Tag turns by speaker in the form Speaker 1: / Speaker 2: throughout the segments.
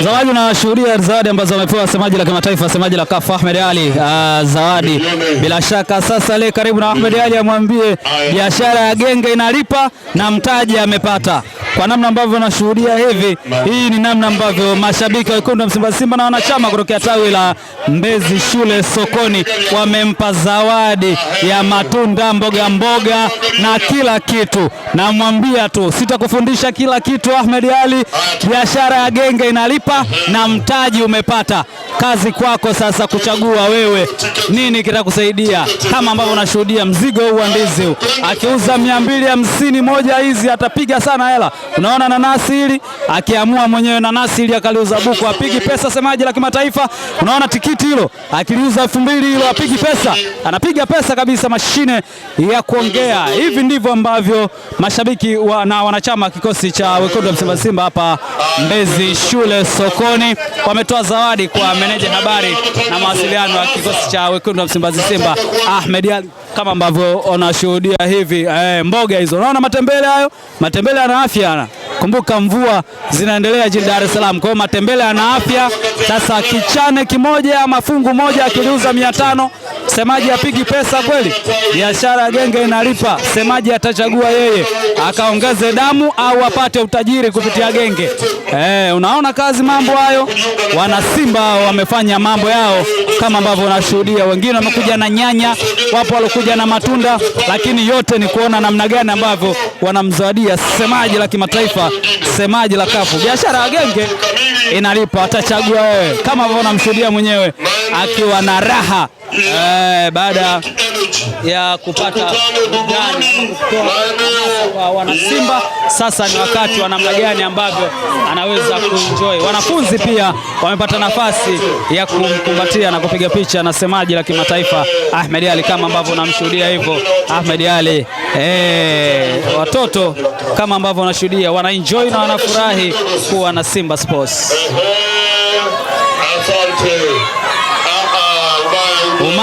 Speaker 1: Zawadi unashuhudia zawadi ambazo wamepewa semaji la kimataifa, semaji la kafu Ahmed Ali. Uh, zawadi bila shaka sasa le karibu na Ahmed Ali amwambie biashara ya genge inalipa na mtaji amepata kwa namna ambavyo nashuhudia hivi, hii ni namna ambavyo mashabiki wa wekundu wa Simba na wanachama kutokea tawi la Mbezi shule sokoni wamempa zawadi ya matunda, mboga mboga na kila kitu. Namwambia tu sitakufundisha kila kitu Ahmed Ali, biashara ya genge inalipa umelipa na mtaji umepata. Kazi kwako sasa kuchagua wewe nini kitakusaidia, kama ambavyo unashuhudia mzigo huu wa ndizi huu, akiuza mia mbili hamsini moja hizi atapiga sana hela. Unaona nanasi hili akiamua mwenyewe nanasi hili akaliuza buku apigi pesa, semaji la kimataifa. Unaona tikiti hilo akiliuza elfu mbili hilo apigi pesa, anapiga pesa kabisa, mashine ya kuongea. Hivi ndivyo ambavyo mashabiki wa, na wanachama kikosi cha wekundu wa Msimba Simba hapa Mbezi shule sokoni. Wametoa zawadi kwa meneja habari na mawasiliano ya kikosi cha wekundu wa Msimbazi Simba Ahmed Ali, kama ambavyo unashuhudia hivi eh, mboga hizo, unaona matembele hayo, matembele yana afya. Kumbuka mvua zinaendelea jijini Dar es Salaam, kwa hiyo matembele yana afya. Sasa kichane kimoja ama fungu moja akiliuza mia tano Semaji apigi pesa kweli, biashara genge inalipa. Semaji atachagua yeye akaongeze damu au apate utajiri kupitia genge. Eh, unaona kazi mambo hayo. Wana Simba wamefanya mambo yao kama ambavyo unashuhudia, wengine wamekuja na nyanya, wapo walokuja na matunda, lakini yote ni kuona namna gani ambavyo wanamzawadia Semaji la kimataifa, Semaji la kafu. Biashara ya genge inalipa, atachagua wewe kama ambavyo unamshuhudia mwenyewe akiwa na raha eh, baada ya kupata burudani kwa wanasimba. Sasa ni wakati wa namna gani ambavyo anaweza kuenjoy. Wanafunzi pia wamepata nafasi ya kumkumbatia na kupiga picha na semaji la kimataifa Ahmed Ali, kama ambavyo namshuhudia hivyo Ahmed Ali eh, watoto kama ambavyo wanashuhudia wanaenjoy na wanafurahi kuwa na Simba Sports.
Speaker 2: Asante.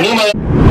Speaker 2: 明白。